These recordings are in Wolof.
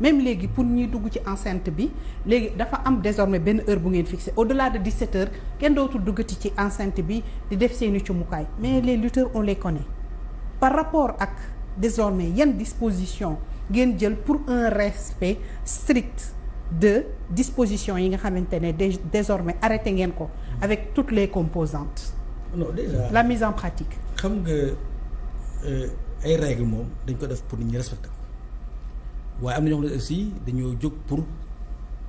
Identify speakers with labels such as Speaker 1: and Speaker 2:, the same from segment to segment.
Speaker 1: même léegi pour ñuy dugg ci enceinte bi léegi dafa am désormais benn heure bu ngeen fixé au-delà de 17 heures kenn dootul duggati ci enceinte bi di def seeni cumukaay mais les lutteurs on les par rapport ak désormais yan disposition ngeen jël pour un respect strict de dispositions yi nga xamante ne désormais arrêté ngeen ko avec toutes les composantes la mise en pratique xam
Speaker 2: nga euh, ay règles moom dañ ko def pour nit ñu respecter ko waaye am na ñoo xam ne aussi dañoo jóg pour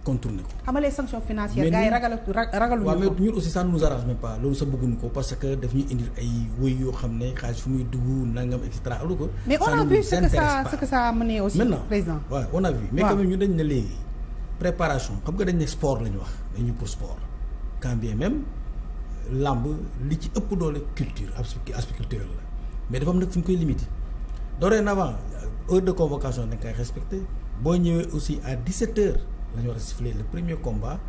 Speaker 2: contourner ko.
Speaker 1: xam nga les sanctions financières gars yi ragal ragaluñu ko. waaw mais
Speaker 2: ñun aussi ça ne nous arrange même pas loolu sax bëgguñu ko parce que daf ñuy indil ay woy yoo xam ne xaalis fu muy dugg nangam et cetera alors que. mais on a vu ce que
Speaker 1: a mené aussi.
Speaker 2: préparation xam nga dañ ne sport la ñu wax dañu pour sport quand bien même làmb li ci ëpp doole culture aspect culturel la mais dafa am nag fu ñu koy limité dorénavant. heure de convocation da nga boo ñëwee aussi à 17h la ñu war a siffler le premier combat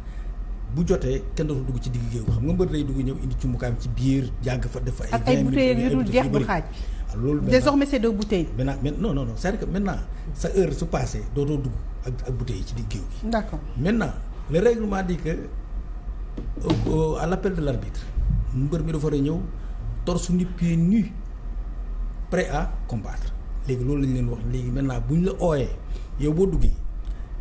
Speaker 2: bu jotee kenn dootul dugg ci digg géew xam nga mbër day dugg ñëw indi ci mukaayam ci biir jàgg fa def ay. ak yu dul jeex bu xaaj. Ah, loolu maintenant désormais
Speaker 1: c'est deux bouteilles.
Speaker 2: maintenant non non non c'est-à-dire que maintenant sa heure dugg ak ak yi ci digg géew gi. d'accord maintenant le règlement dit que euh, l'appel de l'arbitre mbër mi dafa war a ñëw torse nu pieds nus prêt à combattre. léegi loolu lañ leen wax léegi maintenant bu ñu la ooyee yow boo duggee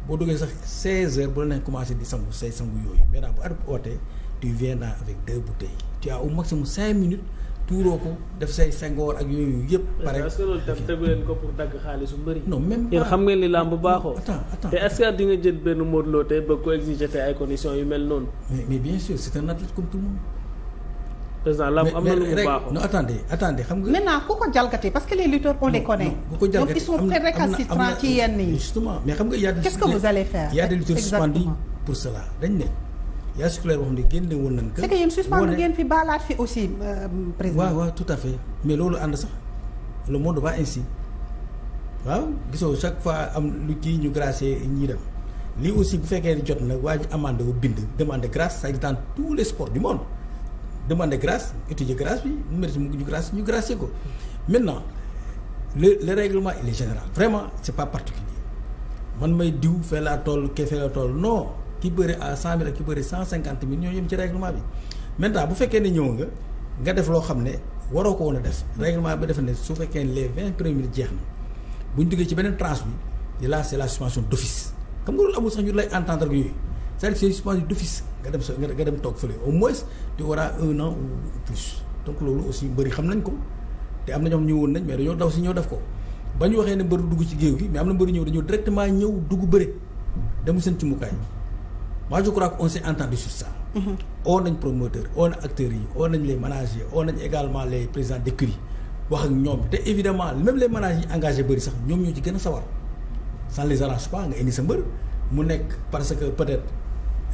Speaker 2: boo duggee sax 16 heures bu la nekk commencé di sangu say sangu yooyu maintenant bu arbitre ootee tu viens là avec deux bouteilles tu as au maximum 5 minutes. tuuroo ko def say sengoor ak yooyu yëpp. pare est-ce que loolu tam tegu leen ko pour dagg xaalisu mbëri. non même yéen xam ngeen ni làmb baaxoo. attends attends te est di nga jël benn Modou Lo tey bëgg ko exiger ay conditions yu mel noonu. mais bien sûr c'est un athlète comme tout le président lamb am na lu mu xam nga.
Speaker 1: maintenant ku ko jalgati parce que les lutteurs on les connaît. ku ko jalgati am na am na donc ils sont très récalcitrants ci yenn yi. justement
Speaker 2: mais a. qu'est-ce pour cela dañ ne. yaa circulaire boo xam ne génne woon nañ que. c'est que yéen suspendre ngeen
Speaker 1: fi baalaat fi aussi euh, président. waaw
Speaker 2: waaw tout à fait mais loolu ànd sax le monde va ainsi waaw gisoo chaque fois am lu kii ñu gracier ñii dem lii aussi bu fekkee jot na waa ji amande bind demande grâce ça existe dans tous les sports du monde. demander grâce étudier grâce bi mu mérite mu ñu grâce ñu gracier ko maintenant le le réglement il est général vraiment c'est pas particulier man may diw fee laa toll kee fee laa toll non ki bëri à cent mille ak ki bëri cent cinquante mille ñoo yem ci règlement bi maintenant bu fekkee ne ñëw nga nga def loo xam ne waroo ko woon a def règlement ba defe ne su fekkee ne les vingt premières minutes jeex na bu ñu duggee ci beneen tranche bi là c'est la suspension d'office xam nga loolu amul sax ñu lay entendre c'est-à-dire c'est suspendu d'office nga dem sa nga dem toog fële au moins tu auras un an plus donc loolu aussi mbëri xam nañ ko te am na ñoo xam ñëwoon nañ mais dañoo daw si ñëw def ko ba ñu waxee ne mbëri dugg ci géew gi mais am na mbëri ñëw dañoo directement ñëw dugg bëre dem seen ci mukaay moi je crois qu'on s'est entendu sur ça mm-hmm. oo nañ promoteur oo nañ acteurs yi oo nañ les managers oo nañ également les présidents d'écurie wax ak ñoom te évidemment même les managers yi engagé bëri sax ñoom ñoo ci gën a sawar ça les arrange pas nga indi sa mbër mu nekk parce que peut-être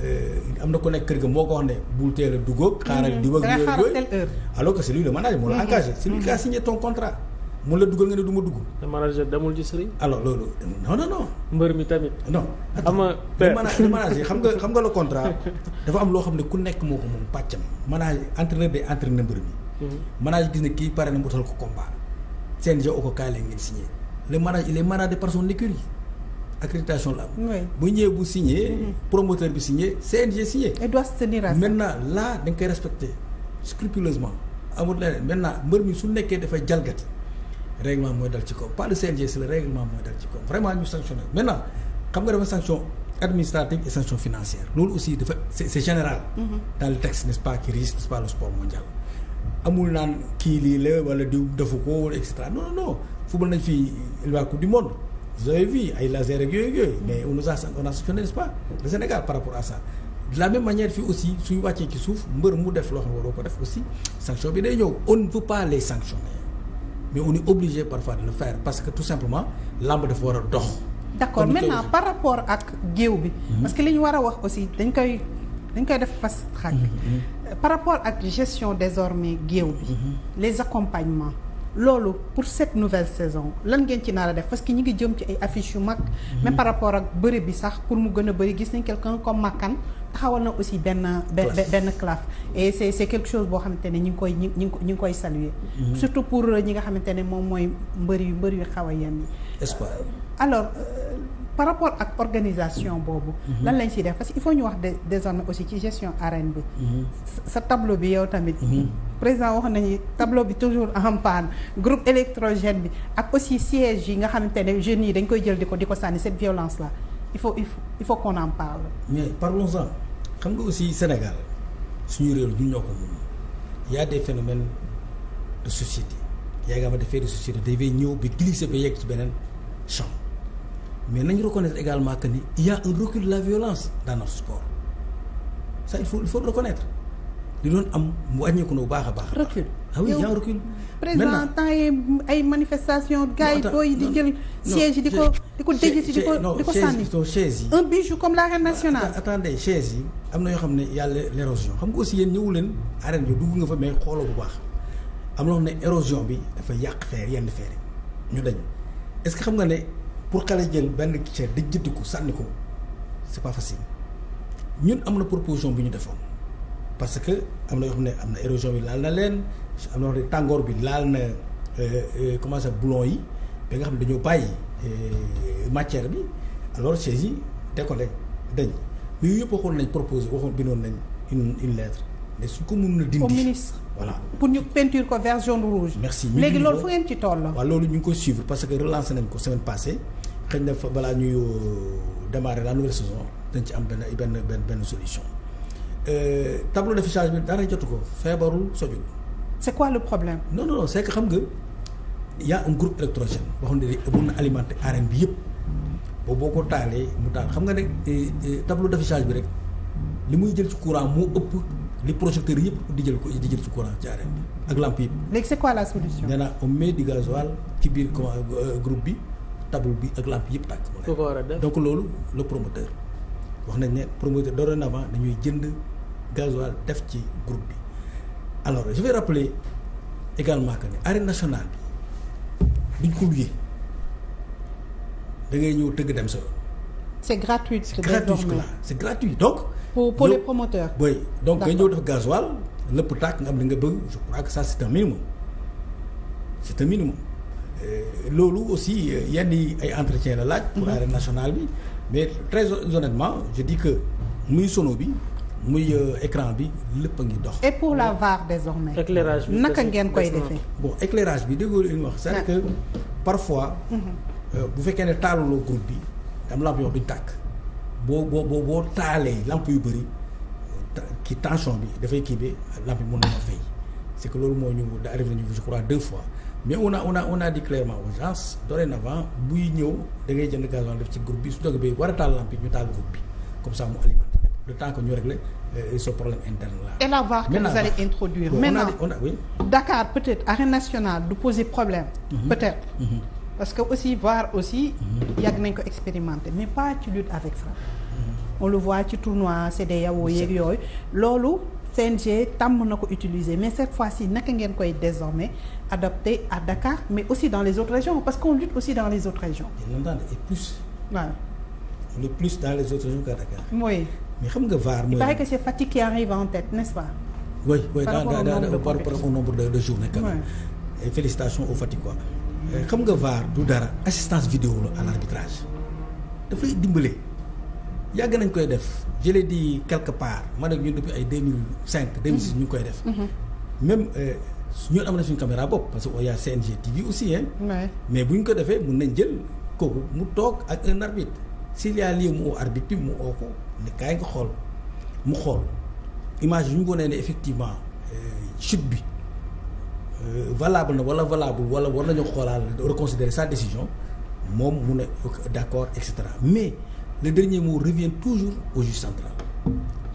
Speaker 2: Euh, am na ko nekk kër ga moo ko wax ne bul teel a xaaral mhm. di wëg yooyu alors que c'est lui si manager moo la mhm. engagé c'est lui a mhm. la dugal nga ne du ma dugg. te manager demul ci sëriñ. alors loolu non non non. mbër mi tamit. non xam nga le manager xam nga xam nga contrat dafa am loo xam ne ku nekk moo ko moom pàccam. manager entraîneur day entraîné mbër mi. manager gis ne kii pare na mu utal ko combat. seen jo ko kaay la ngeen signé le manager il est managé par écurie accréditation la am. bu ñëwee bu signé. Mhm. promoteur bi signé CNG signé. et doit se tenir koy respecté scrupuleusement amul leneen maintenant mbër mi su nekkee dafay jalgati règlement mooy dal ci kaw pas le CNG c'est le règlement mooy dal ci kaw vraiment ñu sanctionné maintenant xam nga dafa sanction administrative et sanction financière loolu aussi dafa c'est c'est général. Mhm. dans le nest pas qui nest pas le sport mondial. amul naan kii lii la wala diw defu ko wala et cetera non non non football nañ fii la vous avez ay laser ak yooyu yooyu mais on nous a on a sanctionné n'est-ce pas le Sénégal par rapport à la même manière aussi suy wàccee ci suuf mbër mu def loxo xam waroo ko def aussi sanction bi day ñëw on ne peut pas les mais on est obligé parfois de le faire parce que tout simplement làmb dafa war a dox.
Speaker 1: d'accord maintenant par rapport ak géew bi. Mhm. parce que li ñu war a wax aussi dañ koy dañ koy def fast track. Mhm, mhm. par rapport ak gestion désormais géew bi. les accompagnements. loolu pour cette nouvelle saison lan ngeen ci nar a def parce que ñi ngi jëm ci ay affiches yu mag. même par rapport ak bëri bi sax pour mu gën a bëri gis nañ quelqu'un comme Makan taxawal na aussi benn. benn benn claf et c'est quelque chose boo xamante ne ñi ngi koy ñi ngi ñi ngi koy saluer. Mm-hmm. surtout pour ñi nga xamante ne moom mooy mbër yu mbëri yu xaw a yem yi. espoir alors euh, par rapport ak organisation boobu. Mm-hmm. lan lañ ciy def parce que il faut ñu wax désormais aussi ci gestion arène bi. Mm-hmm. sa tableau bi yow tamit. président wax nañu tableau bi toujours en panne groupe électrogène bi ak aussi siège yi nga xamante ne jeunes yi dañ koy jël di ko di ko sànni cette violence là il faut il faut il faut qu'on en parle.
Speaker 2: mais parlons-en xam nga aussi Sénégal suñu réew du ñoo ko moom y a des phénomènes de société yaa ngi xamante de société dafay ñëw ba glisser ba yegg ci beneen champ mais nañu reconnaître également que ni il y a un recul de la violence dans notre sport ça il faut di doon am mu wàññeeku na bu baax a baax.
Speaker 1: recul ah président temps ay manifestation gars yi booy di jël siège yi di ko di ko dëjëti di ko di ko sànni.
Speaker 2: yoo xam ne yàlla l'érosion xam nga aussi yéen ñëwu leen arène bi dugg nga fa mais bu baax am na érosion bi dafa yàq feer yenn feer ñu dañ est-ce xam nga ne pour xale jël benn chaise dëjëti ko sànni ko c'est pas facile ñun am na proposition bi ñu defoon. parce que am na yoo xam ne am na érosion bi laal na leen am na yoo ne tàngoor bi laal na euh, euh, comment ça boulon yi ba nga xam ne dañoo bàyyi euh, matière bi alors chaises yi décollé dañ yooyu yëpp waxoon nañ proposé waxoon bindoon nañ une une lettre mais su ko mun na dindi. au pour ñu peinture ko vert jaune rouge. merci léegi loolu fu
Speaker 1: ngeen ci toll. waaw
Speaker 2: loolu ñu ngi koy suivre parce que relancé nañ ko semaine passée xëy na fa balaa ñuy démarrer la nouvelle dañ ci am benn benn benn benn solution. Euh, tableau d'affichage bi dara jotu ko feebarul sojul. c'est quoi le problème. non non non xam nga y a un groupe électrogène boo xam ne mun na alimenter arène bi yëpp boobu boo ko taalee mu taal xam nga rek euh, euh, tableau d'affichage bi rek li muy jël ci courant moo ëpp li projecteurs yëpp di jël ko di jël ci courant ci arène bi ak lampe yëpp.
Speaker 1: léegi c'est quoi la solution.
Speaker 2: nee naa on met du gasoil ci biir groupe bi tableau bi ak lampe yëpp
Speaker 1: tàkk. donc
Speaker 2: loolu le promoteur wax nañ ne promoteur dorénavant dañuy jënd. gasoil def ci groupe bi alors je vais rappeler également que ne arène bi duñ ko luyee da ñëw tëgg dem sa yoon.
Speaker 1: c'est gratuit. c'est gratuit là
Speaker 2: c'est gratuit donc.
Speaker 1: pour pour les promoteurs.
Speaker 2: donc ngay ñëw def gasoil lépp tàkk nga am li nga bëgg je crois que ça c'est minimum c'est un minimum. Euh, loolu aussi euh, yenn yi ay entretien la laaj. pour mhm. arène nationale bi mais très honnêtement je dis que muy sono bi. muy euh, écran bi lépp a ngi dox.
Speaker 1: et pour la VAR désormais. éclairage bi naka ngeen koy defee.
Speaker 2: bon éclairage bi déggoo li ñu wax. c'est-à-dire que parfois. Mhm. Euh, bu fekkee ne taaluloo groupe bi am lamp yoo duñ tàkk boo boo boo boo taalee lamp yu bari ki tension bi dafay kii bi lamp yi mën na fay c'est que loolu moo ñu da arrivé nañu je crois deux fois mais ñëw da ngay jënd gazon def ci groupe bi su doog bay war a taal lamp yi ñu taal groupe bi comme ça mu alimenté. le temps que ñu régler euh, ce problème interne
Speaker 1: là. et la VAR que national allez introduire. maintenant on a oui. Dakar peut-être arène nationale du poser problème. Mhm. peut-être. Mhm. parce que aussi VAR aussi. Mhm. yàgg nañ ko expérimenter mais pas ci lutte avec frappe. on le voit ci tournoi CEDEAO yeeg yooyu loolu. CNG tàmm na ko utiliser mais cette fois-ci naka ngeen koy désormais adapté à Dakar mais aussi dans les autres régions parce qu'on lutte aussi dans les autres régions. waaw.
Speaker 2: le plus dans les autres régions mais xam nga VAR mooy. il paraît que
Speaker 1: c'est Fatick qui arrive en tête nest euh,
Speaker 2: xam nga VAR du dara assistance vidéo la à l'arbitrage daf lay yàgg nañ koy def jële di dit quelque part man ak ñun depuis ay deux mille cinq deux mille six ñu ngi koy def mm-hmm.
Speaker 1: Mm-hmm.
Speaker 2: même euh, ñun am na suñu caméra bopp parce que y a CNG TV aussi hein mais bu ñu ko defee mun nañ jël kooku mu toog ak un arbitre s'il y a lieu mu oo arbitre bi mu oo ko ne kaay nga xool mu xool image yu ñu ko nee ne effectivement euh, chute bi euh, valable na wala valable wala war nañu xoolaal reconsidérer sa décision moom mu ne d'accord et cetera mais le dernier mot revient toujours au juge central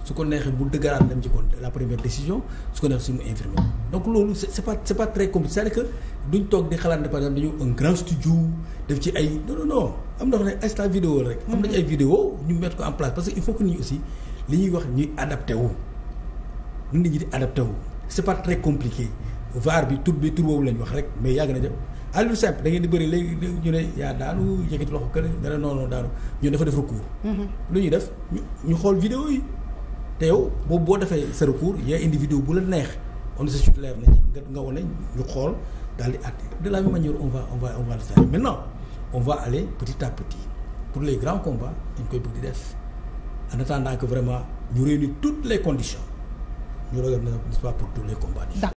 Speaker 2: su ko neexee bu dëgëraat dem ci kon la première décision su ko neexee suñu infirmé donc loolu c' pas c' pas très compliqué c' est à duñ toog di xalaat ne par dañu un grand studio def ci ay non non non am na wax ne instant nit ñi li ñuy wax ñuy adapté wu. nit ñi di adapté wu c' est pas très compliqué vaar bi tur bi tur boobu la ñu wax rek mais yàgg na jëm à lu simple da ngeen di bëri léegi ñu ne yaa daanu yëkkati loxo kële nga ne non non daanu ñoo dafa def recours. Mm-hmm. lu ñuy def ñu ñu xool vidéo yi. te yow boobu boo defee sa recours yaa individu bu la neex on se soulève na ci nga nga wane ñu xool dal di àtte de la ma manière on va on va on va le faire on va aller petit à petit pour les grands combats dañ koy bëgg di def en attendant que vraiment ñu réunir tout les conditions ñu doog a nest pas pour tous les combats.